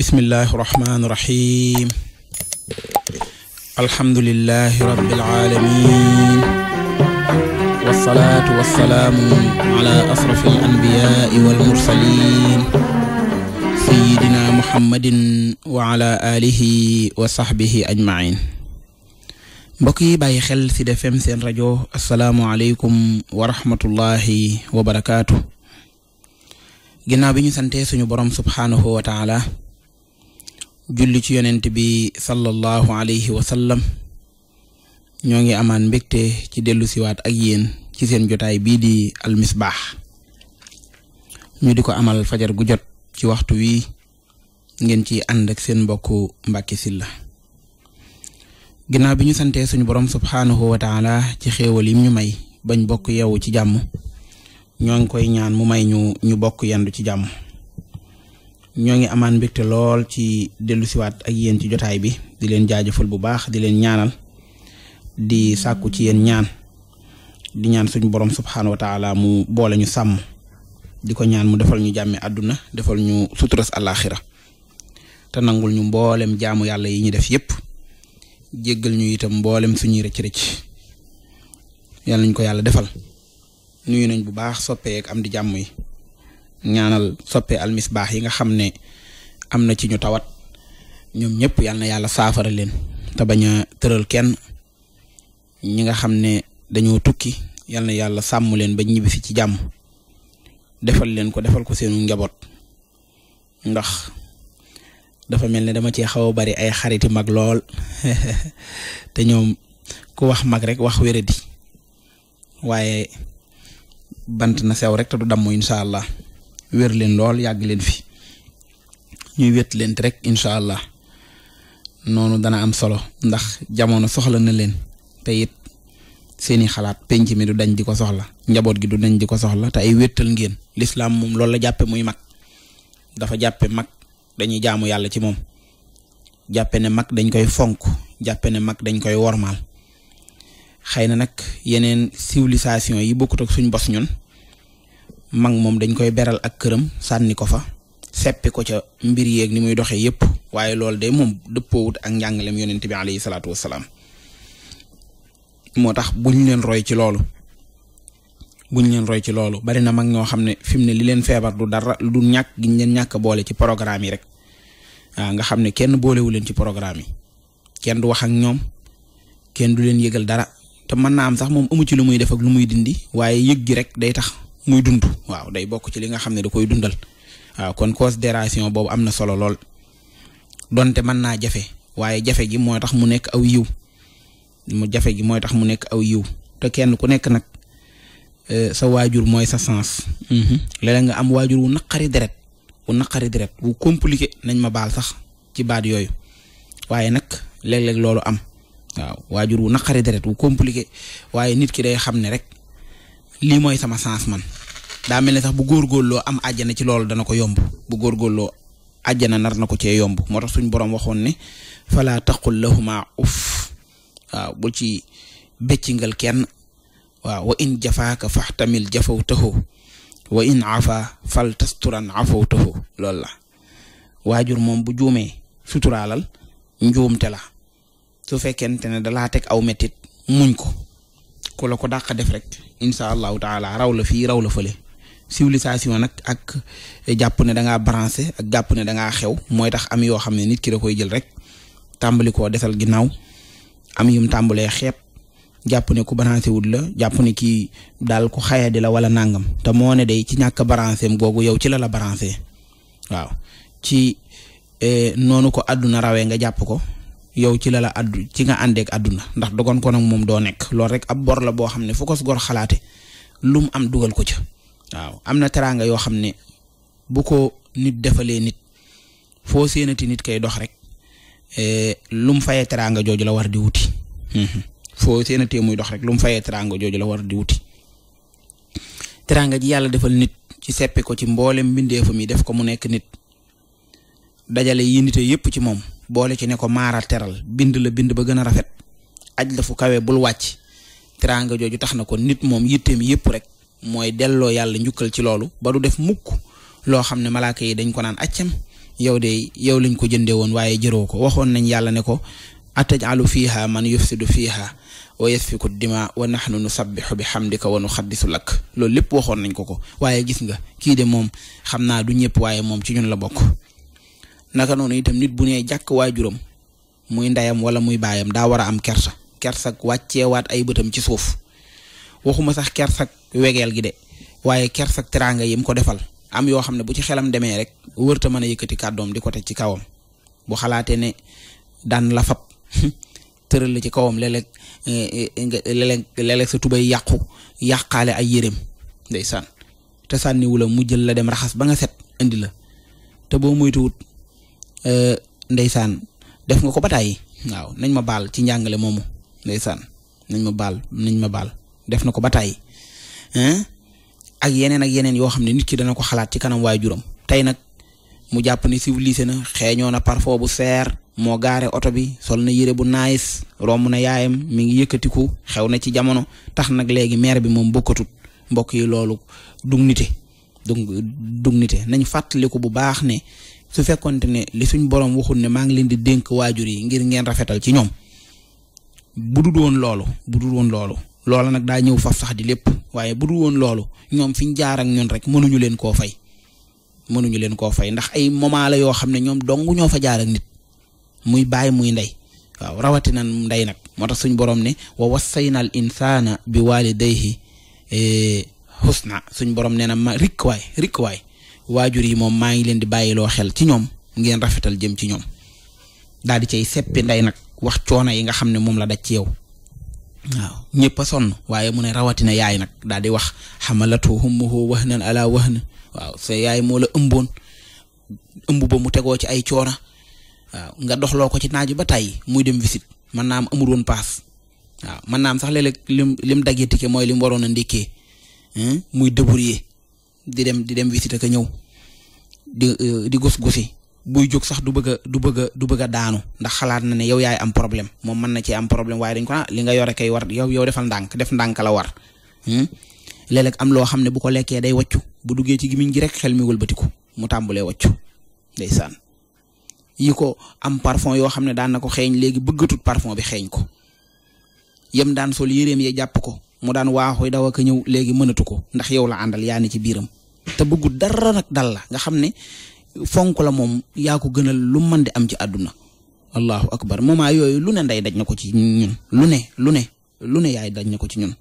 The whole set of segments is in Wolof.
bismillahi rahmaani rahiim alhamdulilahi rabbil aalamiin wasalaatu wasalaamu ala asrafil anbiyaai wal mursaliin sayyidina muhammadin wa ala aalihi wa sahbihi mbokk yi bàyyi xel ci Sud seen rajo asalaamualeykum wa rahmatullahi wa barakaatu. ginnaaw bi ñu santee suñu borom subhaanahu wa julli ci yonent bi sallallahu alayhi wa sallam ñoo ngi amaan mbégte ci dellu siwaat ak yéen ci seen jotaay bii di almisbaax ñu di ko amal fajar gu jot ci waxtu wi ngeen ci ànd ak seen mbokku Mbàkke Sylla ginnaaw bi ñu santee suñu borom subhaanahu wa taala ci xéewal yim ñu may bañ bokk yeewu ci jàmm ñoo ngi koy ñaan mu may ñu ñu bokk yendu ci jàmm ñoo ngi amaan mbégte lool ci dellu siwaat ak yéen ci jotaay bi di leen jaajëfal bu baax di leen ñaanal di sàkku ci yéen ñaan di ñaan suñu borom subxanahu wa mu boole ñu sàmm di ko ñaan mu defal ñu jàmme àdduna defal ñu suturas àllaaxira te nangul ñu mboolem jaamu yàlla yi ñu def yépp jéggal ñu itam mboolem suñuy rëcc-rëcc. yàlla nañ ko yàlla defal nuyu nañ bu baax soppeek am di jàmm yi ñaanal soppe almisbaax yi nga xam ne am na ci ñu tawat ñoom ñëpp yal na yàlla saafara leen te bañ a tëral kenn ñi nga xam ne dañoo tukki yal na yàlla sàmm leen bañ ñibbisi ci jàmm defal leen ko defal ko seenu njaboot ndax dafa mel ne dama cee xaw a bari ay xariti mag lool te ñoom ku wax mag rek wax wéradi waaye bant na sew rek te du damm incha allah. wér leen lool yàgg leen fi ñuy wet leen rek incha allah noonu dana am solo ndax jamono soxla na leen te it seeni xalaat penc mi du dañ di ko soxla njaboot gi du dañ di ko soxla te ay wéttal ngéen lislaam moom loolu la jàppe muy mag dafa jàppe mag dañuy jaamu yàlla ci moom jàppe ne mag dañ koy fonk jàppe ne mag dañ koy wormaal xëy na nag yeneen civilisation yi bokkut ak suñ bos ñun mag moom dañ koy beral ak këram sànni ko fa seppi ko ca mbir yeeg ni muy doxee yépp waaye loolu day moom dëppoowut ak njàng njàngalem yonent bi alayhi salaatu wasalaam moo tax buñ leen roy ci loolu buñ leen roy ci loolu bari na mag ñoo xam ne fi mu ne li leen feebar du dara du ñàkk giñ ñàkk boole ci programme yi rek waaw nga xam ne kenn boolewu leen ci programme yi kenn du wax ak ñoom kenn du leen yëgal dara te mën naa am sax moom amu ci lu muy def ak lu muy dindi waaye yëg rek day tax muy dund waaw day bokk ci li nga xam ne da koy dundal waaw kon dération boobu am na solo lool donte mën naa jafe waaye jafe gi mooy tax mu nekk aw yiw mu jafe gi mooy tax mu nekk aw yiw te kenn ku nekk nag e, sa waajur mooy sa sens mhm. léeg nga am waajur wu naqari deret wu naqari deret wu compliqué nañ ma baal sax ci baat yooyu waaye nag léeg-léeg loolu am waaw waajur wu naqari deret wu compliqué waaye nit ki day xam ne rek lii mooy sama sens man daa mel ne sax bu góorgóorloo am àjjana ci loolu dana ko yomb bu góorgóorloo àjjana nar na ko cee yomb moo tax suñ borom waxoon ne fala taqul lahuma uff waaw bul ci béccingal kenn waaw wa in jafaaka faxtamil jafawtahu wa in afa fal tasturan afawtahu loolu la waajur moom bu juumee suturaalal njuumte la su fekkente ne dalaa teg aw mettit muñ ko ku ko dàq def rek incha allahu taala raw la fii raw la fële civilisation nag ak jàpp ne danga ngaa ak jàpp ne da ngaa xew mooy tax am yoo xam ne nit ki da koy jël rek tàmbali koo desal ginnaaw am yum tàmbalee xeeb jàpp ne ku branché wul la jàpp ne kii daal ku xaya di la wala nangam te moo ne day ci ñàkk branché am googu yow ci lala la branché waaw ci eh, noonu ko àdduna rawee nga jàpp ko yow ci lala la ci nga àndeek àdduna ndax dogon ko moom doo nekk loolu rek ab bor la boo xam ne fu ko gor xalaate lu am dugal ko ca waaw am na teraanga yoo xam ne bu ko nit defalee nit foo séenati nit kay dox rek eh, lu mu fayee teraanga jooju la war di wuti mhm. foo séenatee muy dox rek lu mu fayee teraanga jooju la war di wuti teraanga ji yàlla defal nit ci seppee ko ci mboolem mbindeefam mi def ko mu nekk nit dajale yi nite yépp ci moom boole ci ne ko maara teral bind la bind ba gën a rafet aj la kawe bul wàcc teraanga jooju tax na ko nit moom yitteem yëpp rek mooy delloo yàlla njukkal ci loolu ba du def mukk loo xam ne malaaka yi dañ ko naan accam yow de yow lañ ko jëndee woon waaye jëroo ko waxoon nañ yàlla ne ko atajalu fiha man yufsidu fiha wa yasfiku dima wa nahnu nusabbihu bi hamdika wa nuxaddisu lakk loolu lépp waxoon nañ ko ko waaye gis nga kii de moom xam naa du ñëpp waaye moom ci ñun la bokk naka noonu itam nit bu nee jàkk waajuram muy ndeyam wala muy baayam daa war a am kersa kersak wàcceewaat ay bëtam ci suuf waxuma sax kersak wegeel gi de waaye kersak teraanga yim ko defal am yoo xam ne bu ci xelam demee rek wërta mën a yëkkati kàddoom di ko teg ci kawam bu xalaatee ne daan lafab fab tëral la ci kawam eh, eh, léeg-léeg sa tubay yàqu yàqaale ay yéreem ndeysaan te sànniwu la mu jël la dem raxas ba nga set indi la te boo moytuwut Euh, ndeysaan def nga ko ba waaw nañ ma baal ci njàngale moomu ndeysaan nañ ma baal nañ ma baal def na ko ba tàyyi ak yeneen ak yeneen yoo xam ne nit ki dana ko xalaat ci kanam waajuram tey nag mu jàpp ni civilisé na xeeñoo na parfum bu seer moo gaare oto bi sol na yére bu naayis romb na yaayam mi ngi yëkkatiku xew na ci jamono tax nag léegi maire bi moom bokkatut mbokk yi loolu dugnite dug dugnite nañ fàttaliku bu baax ne su fekkonte ne li suñ borom waxul ne maa ngi leen di dénk waajur yi ngir ngeen rafetal ci ñoom bu dul loolu budu dul woon loolu loola nag daa ñëw fa sax di lépp waaye bu dul woon loolu ñoom fi ñu jaar ak rek mënuñu leen koo fay mënuñu leen koo fay ndax ay moment la yoo xam ne ñoom dong ñoo fa jaar ak nit muy baay muy nday waaw rawatina ndey nag moo tax suñ borom ne wa wasaynal insaana bi waalidayhi eh, husna suñ borom nee na ma rikk rikk waay waajur yi moom maa ngi leen di bàyyiloo xel ci ñoom ngeen rafetal jëm ci ñoom daal di cay seppi nday nag wax coona yi nga xam ne moom la daj ci yow waaw ñëpp a sonn waaye mu ne rawatina yaay nag daal di wax xamalatu hummuhu wahnan ala wahn waaw sa yaay moo la ëmboon ëmb ba mu tegoo ci ay coona waaw nga doxloo ko ci naaju ba tàyyi muy dem visit man naa am amul woon paas waaw man naa am sax léeg-léeg lim lim daggee tike mooy lim waroon a ndékkee muy débrouiller di dem di dem visite ka ñëw di euh, di gus-gusi buy jóg sax du bëgg a du bëgg du bëgg a ndax xalaat na ne yow yaay am problème moom mën na cee am problème waaye dañ ko ah, li nga yore kay war yow yow defal ndànk def ndànk la war hmm? léeg am loo xam ne bu ko lekkee day waccu bu duggee ci gimiñ gi rek xel mi wëlbatiku mu tàmbulee waccu ndeysaan yi ko am parfon yoo xam ne daan na ko xeeñ léegi bëggatut parfon bi xeeñ ko yem daan sol yéreem ya jàpp ko mu daan waaxuy daw ak ñëw léegi mënatu ko ndax yow la àndal yaa ni ci biiram te bëggu dara nag dal la nga xam ne fonk la moom yaa ko gënal lu mën di am ci àdduna allahu akbar moment yooyu lu ne nday daj na ko ci ñun lu ne lu ne lu ne yaay daj na ko ci ñun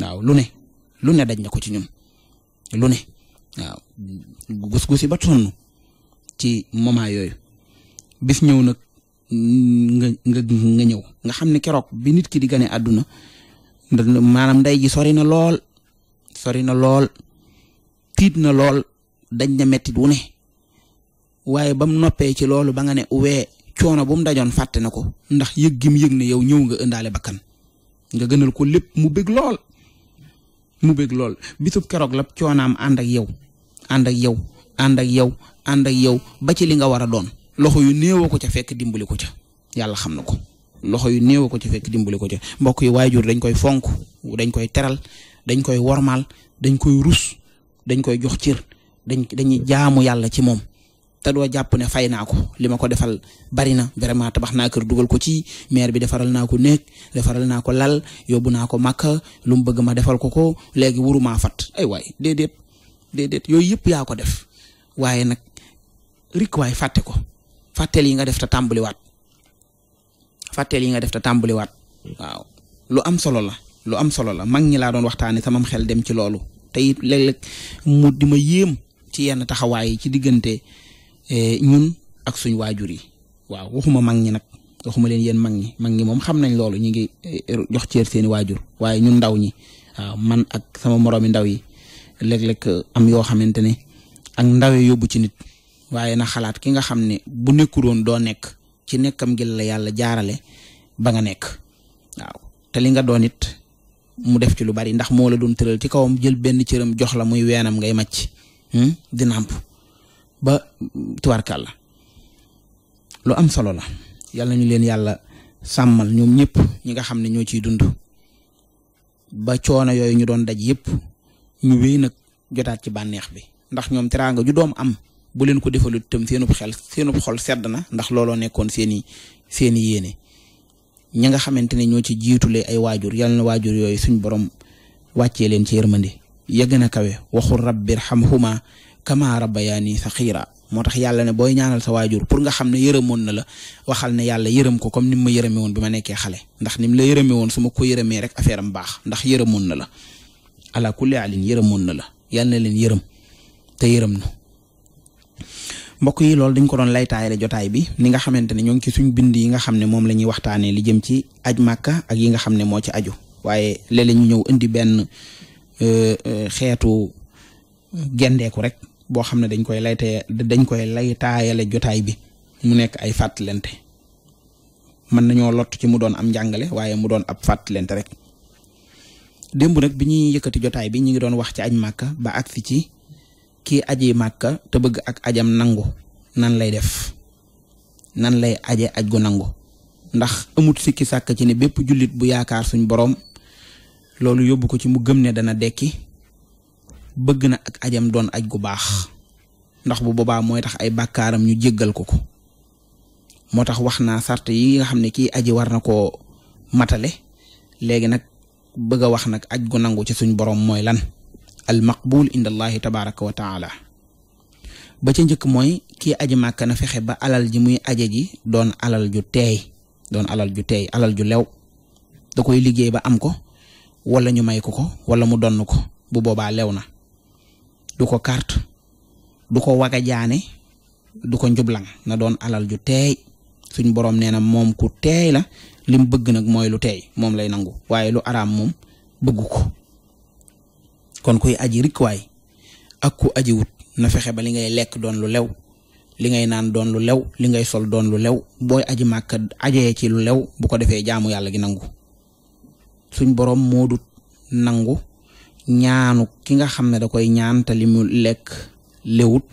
waaw lu ne lu ne daj na ko ci ñun lu ne waaw gus-gusi ba tonn ci moment yooyu bis ñëw nag nga nga nga ñëw nga xam ne keroog bi nit ki di gane àdduna maanaam ndey ji sori na lool sori na lool tiit na lool dañ na mettit wu ne waaye ba mu noppee ci loolu ba nga ne wee coono bu mu dajoon fàtte na ko ndax yëg gim yëg ne yow ñëw nga ëndaale bakkan nga gënal ko lépp mu bég lool mu bég lool bisub keroog la coonaam ànd ak yow ànd ak yow ànd yow ànd yow ba ci li nga war a doon loxo yu néewoo ko ca fekk dimbali ko ca yàlla xam na ko. loxo yu néew ko ci fekk dimbali ko ci mbokk yi waajur dañ koy fonk dañ koy teral dañ koy wormaal dañ koy rus dañ koy jox cir dañ dañuy jaamu yàlla ci moom te doo jàpp ne fay naa ko li ma ko defal bari na vraiment tabax naa kër dugal ko ci maire bi defaral naa ko néeg defaral naa ko lal yóbbu naa ko màkka lu mu bëgg ma defal ko ko léegi wurumaa fat ay waay déedéet yooyu yëpp yaa ko def waaye nag rik waay fàtte ko fàtteel yi nga def te tàmbaliwaat fàtteel yi nga def ta tàmbaliwaat waaw lu am solo la lu am solo la mag ñi laa doon waxtaane samam xel dem ci loolu te it léeg-léeg mu di ma ci yenn taxawaay yi ci diggante eh, ñun ak suñu waajur yi waaw waxuma mag ñi nag waxuma leen yéen mag ñi mag ñi moom xam nañ loolu ñu ngi eh, jox cër seeni waajur waaye ñun ndaw ñi man ak sama moroomi ndaw yi léeg-léeg eh, am yoo xamante ne ak ndawe yobbu ci nit waaye na xalaat ki nga xam ne bu nekkuroon doo nekk. ci nekk nekkam gi la yàlla jaarale ba nga nekk waaw te li nga doon it mu def ci lu bari ndax moo la doon tëral ci kawam jël benn cëram jox la muy weenam ngay macc hmm? di nàmp ba tubarkàlla lu am solo la yàlla ñu leen yàlla sàmmal ñoom ñëpp ñi nga xam ne ñoo ciy dund ba coono yooyu ñu doon daj yëpp ñu wéy nag jotaat ci bànneex bi ndax ñoom teraanga ju doom am bu leen ko defalu itam seenub xel seenub xol sedd na ndax looloo nekkoon seen i seen i yéene ñi nga xamante ne ñoo ci jiitule ay waajur yal na waajur yooyu suñ borom wàccee leen ci yërmande yegg na kawe waxul rabbi irhamhuma kama rabbayaani saxiira moo tax yàlla ne booy ñaanal sa waajur pour nga xam ne yërëmoon na la waxal ne yàlla yërëm ko comme ni mu ma yërëme woon bi ma nekkee xale ndax ni la yërëme woon suma ko yërëmee rek affaire am baax ndax yërëmoon na la ala kulli alin yërëmoon na la yàlla leen yërëm yërëm mbokk yi loolu dañ ko doon laytaayale jotaay bi ni nga xamante ne ñoo ngi ci suñ bind yi nga xam ne moom la ñuy waxtaanee li jëm ci aj màkka ak yi nga xam ne moo ci aju waaye léeg-léeg ñëw indi benn euh, euh, xeetu gendeeku rek boo xam ne dañ koy layte dañ koy laytaayale jotaay bi mu nekk ay fàttalente mën nañoo lot ci mu doon am njàngale waaye mu doon ab fàttalente rek démb nag bi ñuy yëkkati jotaay bi ñu ngi doon wax ci aj màkka ba ak fi ci kii aji màkka te bëgg ak ajam nangu nan lay def nan lay aje aj gu nangu ndax amut sikki sàkk ci ne bépp jullit bu yaakaar suñ boroom loolu yóbbu ko ci mu gëm ne dana dekki bëgg na ak ajam doon aj gu baax ndax bu boobaa mooy tax ay bàkkaaram ñu jéggal ko ko moo tax wax naa sart yi nga xam ne kii aji war na koo matale léegi nag bëgg a wax nag aj gu nangu ci suñ boroom mooy lan al maqbul inda allahi tabaraka wa taala ba njëkk mooy kii aji màkka na fexe ba alal ji muy aje ji doon alal ju teey doon alal ju teey alal ju lew da koy liggéey ba am ko wala ñu may ko ko wala mu donn ko bu boobaa lew na du ko carte du ko waga jaane du ko njublang na doon alal ju teey suñ borom nee na moom ku teey la lim bëgg nag mooy lu teey moom lay nangu waaye lu araam moom bëggu ko kon kuy aji rikwaay ak ku aji wut na fexe ba li ngay lekk doon lu lew li ngay naan doon lu lew li ngay sol doon lu lew booy aji màkka ajee ci lu lew bu ko defee jaamu yàlla gi nangu suñ boroom moo nangu ñaanu ki nga xam ne da koy ñaan te li mu lekk lewut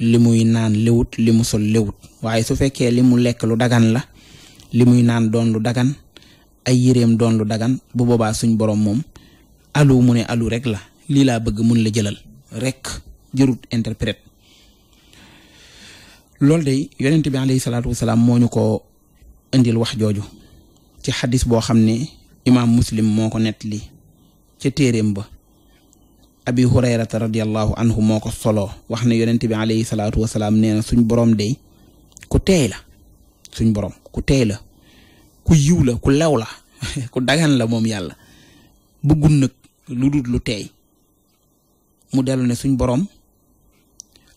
li muy naan lewut li mu sol lewut waaye su fekkee li mu lekk lu dagan la li muy naan doon lu dagan ay yéreem doon lu dagan bu boobaa suñ borom moom alu mu ne alu rek la lii laa bëgg mun la jëlal rek jërut interprète loolu de yonent bi alayhi salaatu wasalaam moo ñu ko indil wax jooju ci xadis boo xam ne imaam muslim moo ko nettali ca téeréem ba abi hurayrata radiallahu anhu moo ko solo wax ne yonent bi alayhi salaatu wasalaam nee na suñ boroom de ku teey la suñ boroom ku teey la ku yiw la ku lew la ku dagan la moom yàlla bëggul nag lu dul lu teey mu dellu ne suñ boroom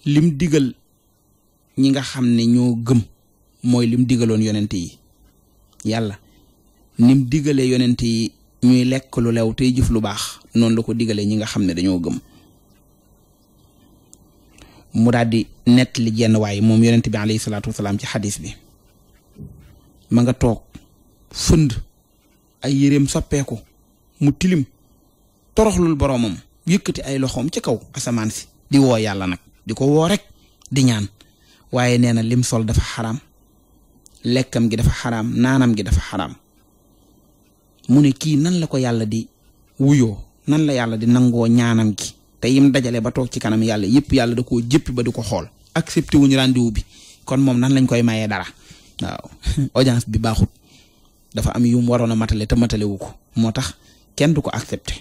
lim digal ñi nga xam ne ñoo gëm mooy lim digaloon yonent yi yàlla nim digale yonent yi ñuy lekk lu lew te jëf lu baax noonu la ko digalee ñi nga xam ne dañoo gëm mu daal di nett li jenn waay moom yonent bi alayhi salaatu wasalaam ci xadis bi ma nga toog fënd ay soppeeku mu tilim toroxlul boroomam yëkkati ay loxoom ci kaw samaan si diwoo yàlla nag di ko woo rek di ñaan waaye nee na lim sol dafa xaraam lekkam gi dafa xaraam naanam gi dafa xaraam mu ne kii nan la ko yàlla di wuyoo nan la yàlla di nangoo ñaanam gi te yim dajale ba toog ci kanam yàlla yëpp yàlla da ko jëppi ba di ko xool accepté wuñu rendez-vous bi kon moom nan lañ koy mayee dara waaw audience bi baaxut dafa am yu mu waroon a matale te matalewu ko moo tax kenn du ko accepté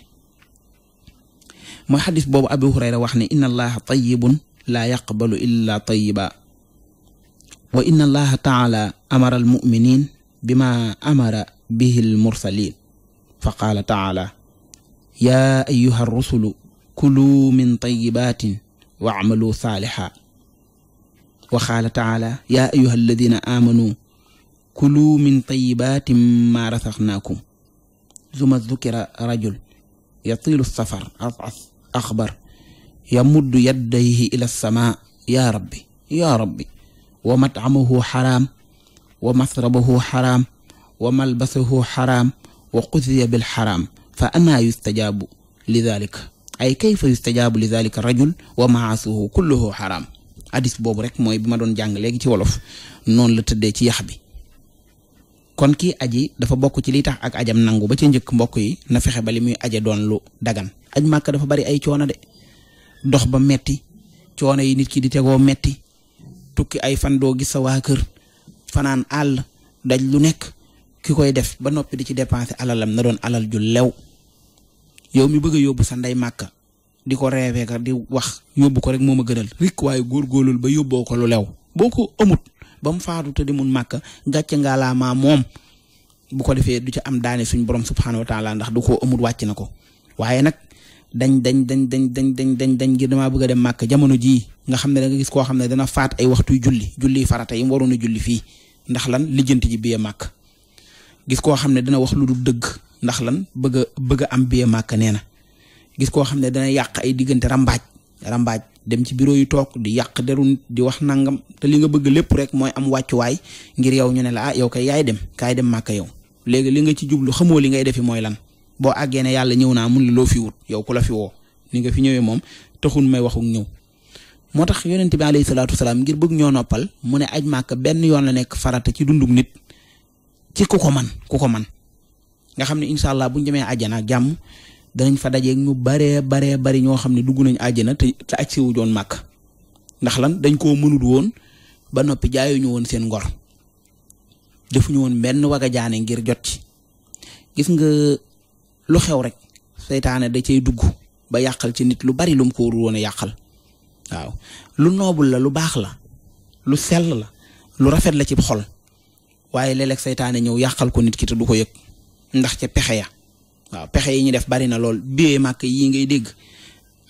mooy xadis boobu Abu Hurayra wax ne inna allaha tayyibun laa yaqbalu illa tayyiba wa inna allaha taala amara al muminin bima amara bihi al mursalin fa qaala taala yaa ayyuha rusulu kuluu min tayyibatin wa amaluu saaliha wa qaala taala yaa ayyuha alladina aamanu kuluu min tayyibatin maa rasaxnaakum suma dukira rajul yatilu safar as as axbar yamuddu yaddayhi ila sama yaa rabbi yaa rabbi wa mat'amuhu xaraam wa masrabuhu xaraam wa malbasuhu xaraam wa qudiya bil xaraam fa anaa yustajaabu li daalika ay kayfa yustajaabu li daalika rajul wa maasuhu kulluhu xaraam hadis boobu rek mooy bi ma doon jàng léegi ci wolof noonu la tëddee ci yax bi kon kii aji dafa bokk ci li tax ak ajam nangu ba ci njëkk mbokk yi na fexe ba li muy aje doon lu dagan aj màkk dafa bari ay coono de dox ba metti coono yi nit ki di tegoo metti tukki ay fan doo gis sa waa kër fanaan àll daj lu nekk ki koy def ba noppi di ci dépenser alalam na doon alal ju lew yow mi bëgg a yóbbu sa ndey màkk di ko reewee ka di wax yóbbu ko rek moom a gënal rik waaye góorgóorlul ba yóbboo ko lu lew boo ko amut ba mu faatu te di mun màkk gàcce ngaa laa maa moom bu ko defee du ci am daane suñ borom subxanahu wa ndax du ko amut wàcc na ko dañ dañ dañ dañ dañ dañ dañ dañ ngir damaa bëgg a dem màkk jamono jii nga xam ne da nga gis koo xam ne dana faat ay waxtuy julli julli farata yi mu waroon a julli fii ndax lan lijjanti ji biye màkk gis koo xam ne dana wax lu dul dëgg ndax lan bëgg a bëgg a am biye màkk nee na gis koo xam ne dana yàq ay diggante rambaaj rambaaj dem ci bureau yu toog di yàq deru nit di wax nangam te li nga bëgg lépp rek mooy am wàccuwaay ngir yow ñu ne la ah yow kay yaay dem kaay dem màkk yow léegi li nga ci jublu xamoo li ngay defi mooy lan boo àggee ne yàlla ñëw naa mun la loo fi wut yow ku la fi woo ni nga fi ñëwee moom taxul may waxuk ñëw moo tax yonent bi alayhi salaatu salaam ngir bëgg ñoo noppal mu ne aj màkk benn yoon la nekk farata ci dundug nit ci ku ko man ku ko man nga xam ne incha allah bu ñu demee àjjana ak jàmm danañ fa dajeeg ñu baree baree bari ñoo xam ne dugg nañ àjjana te te aj siwu joon màkk ndax lan dañ koo mënut woon ba noppi jaayuñu woon seen ngor defuñu woon benn waga ngir jot ci gis nga lu xew rek seytaane da cay dugg ba yàqal ci nit lu bari lum mu ko woon a yàqal waaw lu noobul la lu baax la lu sell la lu rafet la ci xol waaye léeg seytaane ñëw yàqal ko nit ki te du ko yëg ndax ca pexe ya waaw pexe yi ñu def bari na lool biyee màkk yii ngay dégg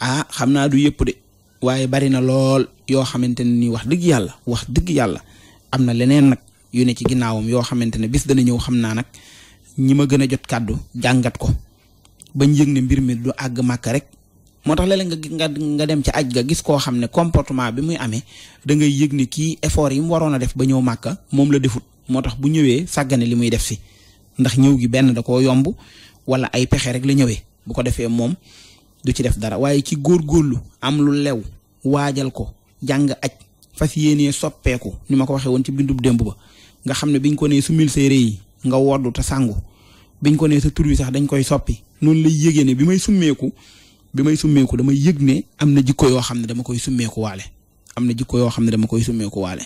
ah xam naa du yëpp de waaye bari na lool yoo xamante ne nii wax dëgg yàlla wax dëgg yàlla am na leneen nag yu ne ci ginnaawam yoo xamante ne bis dana ñëw xam naa nag ñi ma gën a jot kàddu jàngat ko bañ yëg ne mbir mi du àgg màkk rek moo tax léeg-léeg nga nga dem ci aj ga gis koo xam ne comportement bi muy amee da ngay yëg ne kii effort yi mu waroon a def ba ñëw màkk moom la defut moo tax bu ñëwee sàggane li muy def si ndax ñëw gi benn da koo yomb wala ay pexe rek la ñëwee bu ko defee moom du ci def dara waaye ci góor góorlu am lu lew waajal ko jàng aj fas yéenee soppeeku ni ma ko waxee woon ci bindu démb ba nga xam ne biñ ko nee su mil séeré yi nga woddu te sangu biñ ko nee sa tur sax dañ koy soppi noonu lay yëgee ne bi may summeeku bi may summeeku dama yëg ne am na jikko yoo xam ne dama koy summeeku waale am na jikko yoo xam ne dama koy summeeku waale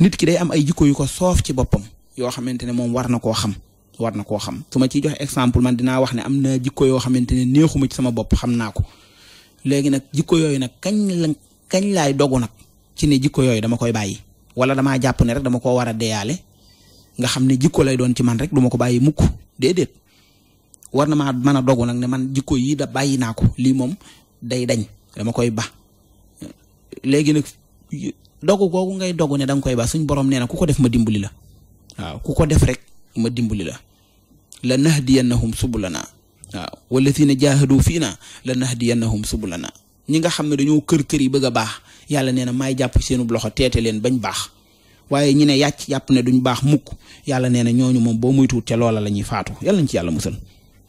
nit ki day am ay jikko yu soof ci boppam yoo xamante ne moom war na koo xam war na koo xam su ma ciy joxe exemple man dinaa wax ne am na jikko yoo xamante ne neexuma ci sama bopp xam naa ko léegi nag jikko yooyu nag kañ la laay dogu nag ci ne jikko yooyu dama koy bàyyi wala damaa jàpp ne rek dama ko war a deyaale nga xam ne jikko lay doon ci man rek duma ma ko bàyyi mukk déedéet war na maa mën a dogu nag ne man jikko yi da bàyyi naa ko lii moom day dañ dama koy ba léegi nag dogu googu ngay dogu ne da koy ba suñ borom nee na ku ko def ma dimbali la waaw ku ko def rek ma dimbali la la nahdiyannahum subulana waaw walladina jahadu fiina la nahdiyannahum ñi nga xam ne dañoo kër kër yi bëgg a baax yàlla nee na maay jàpp seenu loxo teete leen bañ baax waaye ñi ne yàcc yàpp ne duñ baax mukk yàlla nee na ñooñu moom boo moytuwut ca loola lañuy faatu yàlla nañ ci yàlla musal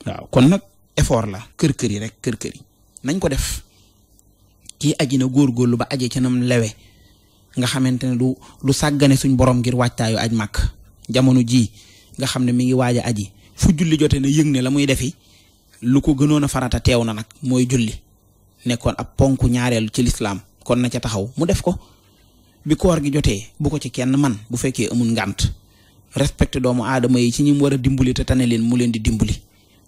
waaw kon nag effort la kër kër yi rek kër kër nañ ko def kii aji na góorgóorlu ba aje ca nam lewe nga xamante ne du du sàggane suñ borom ngir waajtaayu aj màkk jamono ji nga xam ne mi ngi waaja a aji fu julli jote ne yëg ne la muy defi lu ko gënoon a farata teew na nag mooy julli nekkoon ab ponk ñaareel ci lislaam kon na ca taxaw mu def ko bi koor gi jotee bu ko ci kenn man bu fekkee amun ngant respecté doomu aadama yi ci ñi mu war a dimbali te tane leen mu leen di dimbali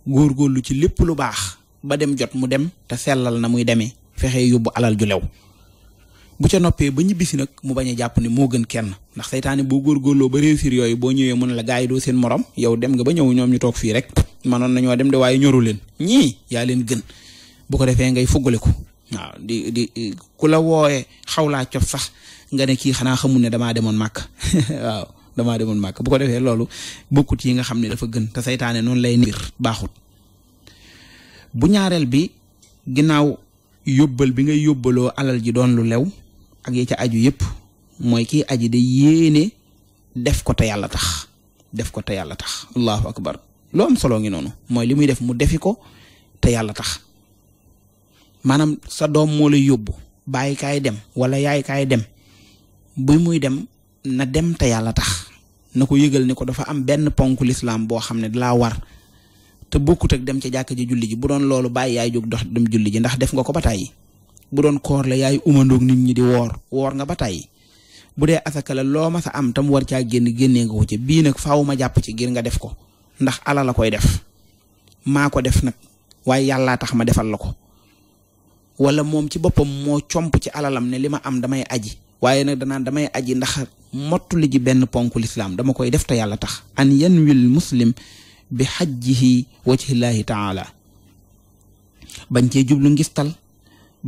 góorgóorlu ci lépp lu baax ba dem jot mu dem te sellal na muy demee fexe yóbbu alal ju lew bu ca noppee ba ñibbisi nag mu bañ a jàpp ne moo gën kenn ndax saytaane boo góorgóorloo ba réussir yooyu boo ñëwee mun la gaa yi doo seen morom yow dem nga ba ñëw ñoom ñu toog fii rek manoon nañoo dem de waaye ñoru leen ñii ya leen gën bu ko defee ngay fuggale ko waaw di sax nga ne kii xanaa xamul ne damaa demoon màkk damaa demoon màkk bu ko defee loolu bokkut yi nga xam ne dafa gën te saytaane noonu lay niir baaxut bu ñaareel bi ginnaaw yóbbal bi ngay yóbbaloo alal ji doon lu lew ak yi aju yépp mooy kii aji de yéene def ko te yàlla tax def ko te yàlla tax allahu akbar loo am solo noonu mooy limuy def mu defi ko te yàlla tax maanaam sa doom moo lay yóbbu bàyyi kaay dem wala yaay kaay dem bu muy dem na dem te yàlla tax na ko yëgal ne ko dafa am benn ponk lislaam boo xam ne dalaa war te bokkut ak dem ca jàkk ji julli ji bu doon loolu bàyyi yaay jóg dox dem julli ji ndax def nga ko ba tàyyi bu doon koor la yaay umandoog nit ñi di woor woor nga ba tàyyi bu dee asaka la loo ma sa am tam war caa génn génnee nga ko ci bii nag faaw ma jàpp ci ngir nga def ko ndax ala la koy def maa ko def nag waaye yàllaa tax ma defal la ko wala moom ci boppam moo comp ci alalam ne li ma am damay aji waaye nag danaan damay aji ndax mottu li benn ponk lislaam dama koy def te yàlla tax an yanwil muslim bi xajjihi wajhillaahi taala bañ cee jublu ngistal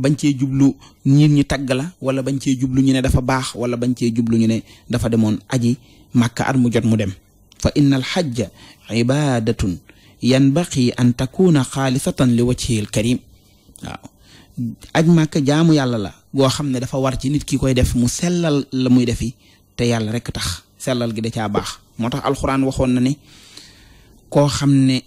bañ cee jublu nit ñi tagg la wala bañ cee jublu ñu ne dafa baax wala bañ cee jublu ñu ne dafa demoon aji màkka at mu jot mu dem fa inna al xajja ibadatun yanbaqi an takuna xaalisatan li wajhihil karim waaw aj màkk jaamu yàlla la goo xam ne dafa war ci nit ki koy def mu sellal la muy defi te yàlla rek tax sellal gi da caa baax moo tax alxuraan waxoon na ne koo xam ne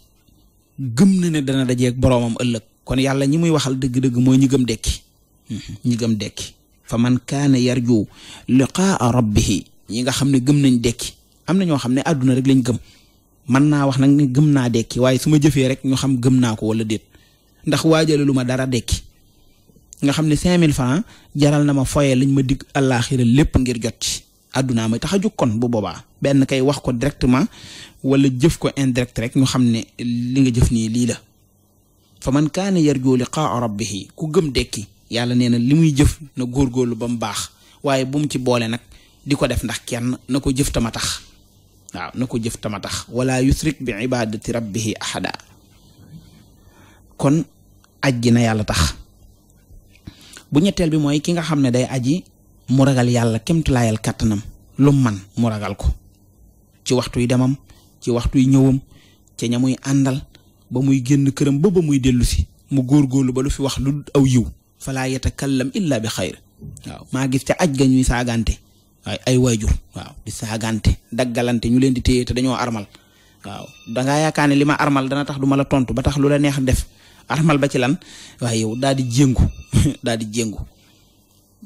gëm na ne dana dajeeg boroomam ëllëg kon yàlla ñi muy waxal dëgg-dëgg mooy ñi gëm dekki mhm. ñi gëm dekki fa man kaana yarju liqaa rabbihi ñi nga xam ne gëm nañ dekki am na ñoo xam ne àdduna rek lañ gëm mën naa wax nag ne gëm naa dekki waaye su ma jëfee rek ñu xam gëm naa ko wala déet ndax waajale lu dara dekki nga xam ne cinq mille francs jaral na ma foye lañ ma dig àllaaxira lépp ngir jot ci àddunaa ma tax a jóg kon bu boobaa benn kay wax ko directement wala jëf ko indirect rek ñu xam ne li nga jëf nii lii la fa man kaana yarjoo liqaa rabbihi ku gëm dekki yàlla nee na li muy jëf na góor góorlu ba mu baax waaye bu mu ci boole nag di ko def ndax kenn na ko jëf tama tax waaw na ko jëf tama tax wala yusrik bi ibadati rabbihi ahada kon ajji na yàlla tax bu ñetteel bi mooy ki nga xam ne day aji mu ragal yàlla kemtulaayal kàttanam lu man mu ragal ko ci waxtu yi demam ci waxtu yi ñëwam ca ña muy àndal ba muy génn këram ba ba muy dellu si mu góorgóorlu ba lu fi wax lu aw yiw falaa kallam illa bi xayr waaw maa gis te aj ga ñuy saagante waaye ay waajur waaw di saagante daggalante ñu leen di téye te dañoo armal waaw dangaa yaakaar ne li ma armal dana tax du ma la tontu ba tax lu la neex def armal ba ci lan waaye yow daal di jéngu daal di jéngu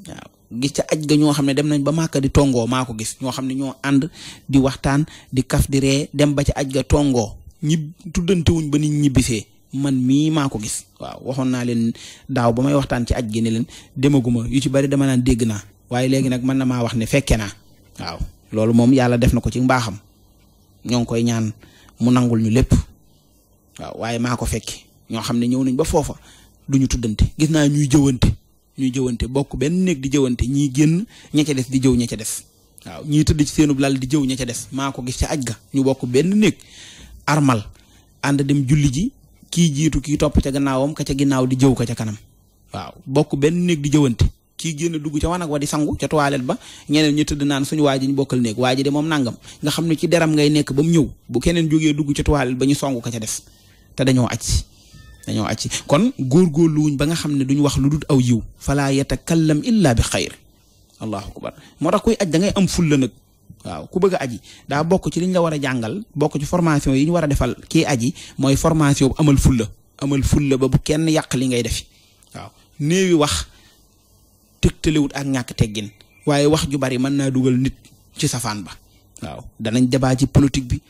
waaw gis ca aj ga ñoo xam ne dem nañ ba màkka di tongoo maa ko gis ñoo xam ne ñoo ànd di waxtaan di kaf di dem ba ci aj ga tongoo ñib tuddantewuñ ba ni ñibbisee man mii maa ko gis waaw waxoon naa leen daaw ba may waxtaan ci aj gi ne leen demaguma yu ci bari dama naan dégg naa waaye léegi nag mën na maa wax ne fekke naa waaw loolu moom yàlla def na ko ci mbaaxam ñoo ngi koy ñaan mu nangul ñu lépp waaw ñoo xam ne ñëw nañ ba foofa du ñu tuddante gis naa ñuy jëwante ñuy jëwante bokk benn néeg di jëwante ñii génn ña ca des di jëw ña ca des waaw ñii ci seenub lal di jëw ña ca des maa ko gis ca aj ga ñu bokk benn néeg armal ànd dem julli ji kii jiitu kii topp ca gannaawam ka ca ginnaaw di jëw ka ca kanam waaw bokk benn néeg di jëwante kii génn dugg ca wanag wa di sangu ca toilette ba ñeneen ñu tëdd naan suñ waa ji ñu bokkal néeg waa ji de moom nangam nga xam ne ci deram ngay nekk ba mu ñëw bu keneen jógee dugg ca toilette ba ñu song ko ca des te dañoo aj dañoo acci kon góorgóorlu wuñ ba nga xam ne duñ wax lu dul aw yiw falaa yatakallam illa bi xayr allahu akbar moo tax kuy aj da ngay am fulla nag waaw ku bëgg a aji daa bokk ci liñ la war a jàngal bokk ci formation yi ñu war a defal kii aji mooy formation amal fulla amal fulla ba bu kenn yàq li ngay def waaw néewi wax tëgtalewut ak ñàkk teggin waaye wax ju bari mën naa dugal nit ci safaan ba waaw danañ débat ci politique bi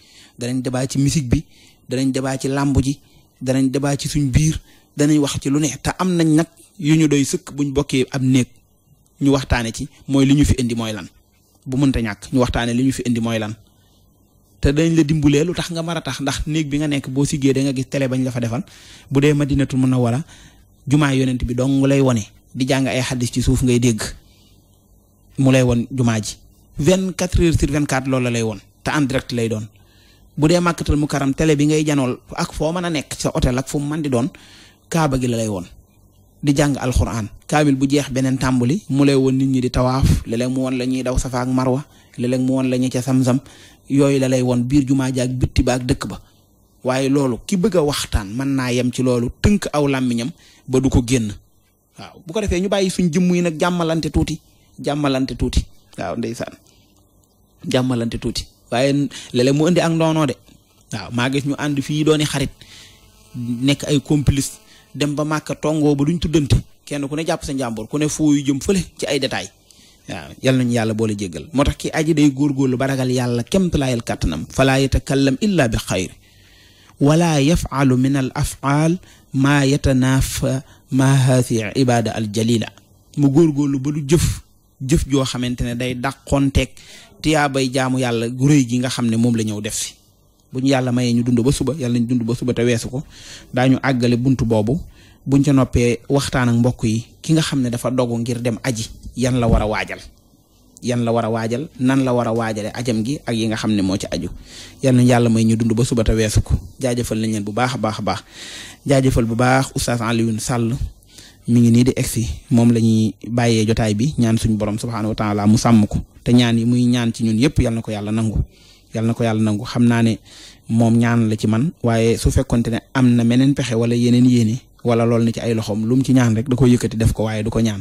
danañ débat ci musique bi danañ débat ci làmb ji danañ débat ci suñ biir danañ wax ci lu ne ta am nañ nag yu ñu doy sëkk buñ bokkee ab néeg ñu waxtaane ci mooy li ñu fi indi mooy lan bu mënta ñàkk ñu waxtaane li ñu fi indi mooy lan te dañ la dimbulee lu tax nga mar a tax ndax néeg bi nga nekk boo siggee da nga gis télé bañ la fa defal bu dee ma dinatu a wala jumaa yonent bi dong lay wone di jàng ay xaddis ci suuf ngay dégg mu lay woon jumaa ji vingt quatre heures sur vingt quatre loolu la lay woon te en direct lay doon bu dee màkkatal mu karam télé bi ngay janool ak foo mën a nekk sa hôtel ak fu mu di doon kaaba gi la lay woon di jàng alxuraan kaamil bu jeex beneen tàmbali mu lay woon nit ñi di tawaaf léeg-léeg mu woon la ñuy daw safa ak marwa léeg-léeg mu woon la ñuy ca samsam yooyu la lay woon biir jumaa jaag bitti ba dëkk ba waaye loolu ki bëgg a waxtaan mën naa yem ci loolu tënk aw làmmiñam ba du ko génn waaw bu ko defee ñu bàyyi suñ jëmm yi nag jàmmalante tuuti jàmmalante tuuti waaw ndeysaan jàmmalante tuuti waaye léeg-léeg mu indi ak ndoonoo de waaw maa ñu ànd fii dooni xarit nekk ay complice dem ba màkka tongoo ba duñ tuddante kenn ku ne jàpp sa njàmbur ku ne fooyu jëm fële ci ay détails waaw yal nañu yàlla boole jéggal moo tax ki aji day góorgóorlu ba ragal yàlla kemtalaayal kàttanam falaa yatakallam illa bi xayr wala yafalu min al afaal ma yatanaafa maa haasi ibada al jalila mu góorgóorlu ba du jëf joo xamante ne day dàqoonteeg tiyaabay jaamu yàlla gu rëy gi nga xam ne moom la ñëw def si bu yàlla mayee ñu dund ba suba yàlla nañ dund ba suba te weesu ko daañu àggale bunt boobu buñ ca noppee waxtaan ak mbokk yi ki nga xam ne dafa dogu ngir dem aji yan la war a waajal yan la war a waajal nan la war a waajale ajam gi ak yi nga xam ne moo ci aju yal nañ yàlla ñu dund ba suba te weesu ko jaajëfal nañ leen bu baax a baax a baax jaajëfal bu baax Oustaz Alioune Sall mi ngi nii di egsi moom la ñuy bàyyee jotaay bi ñaan suñu borom subhaanahu wa taala mu sàmm ko te ñaan yi muy ñaan ci ñun yëpp yal na ko yàlla nangu yal na ko yàlla nangu xam naa ne moom ñaan la ci man waaye su fekkonte ne am na meneen pexe wala yeneen yéene wala lool ni ci ay loxoom lu mu ci ñaan rek da ko yëkkati def ko waaye du ko ñaan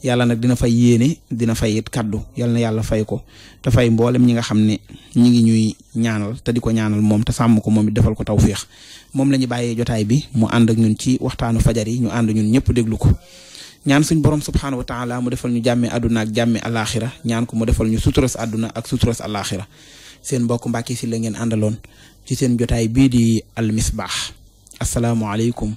yàlla nag dina fay yéene dina fay it kaddu yal na yàlla fay ko te fay mboolem ñi nga xam ne ñi ngi ñuy ñaanal te di ko ñaanal moom te sàmm ko moom it defal ko tawféex moom la ñu bàyyee jotaay bi mu ànd ak ñun ci waxtaanu fajar yi ñu ànd ñun ñëpp déglu ko. ñaan suñ borom subxanahu wa taala mu defal ñu jàmmee àdduna ak jàmmee alaaxira ñaan ko mu defal ñu suturas àdduna ak suturas alaaxira seen mbokk Mbacke Sylla la ngeen àndaloon ci seen jotaay bii di Al Misbah asalaamaaleykum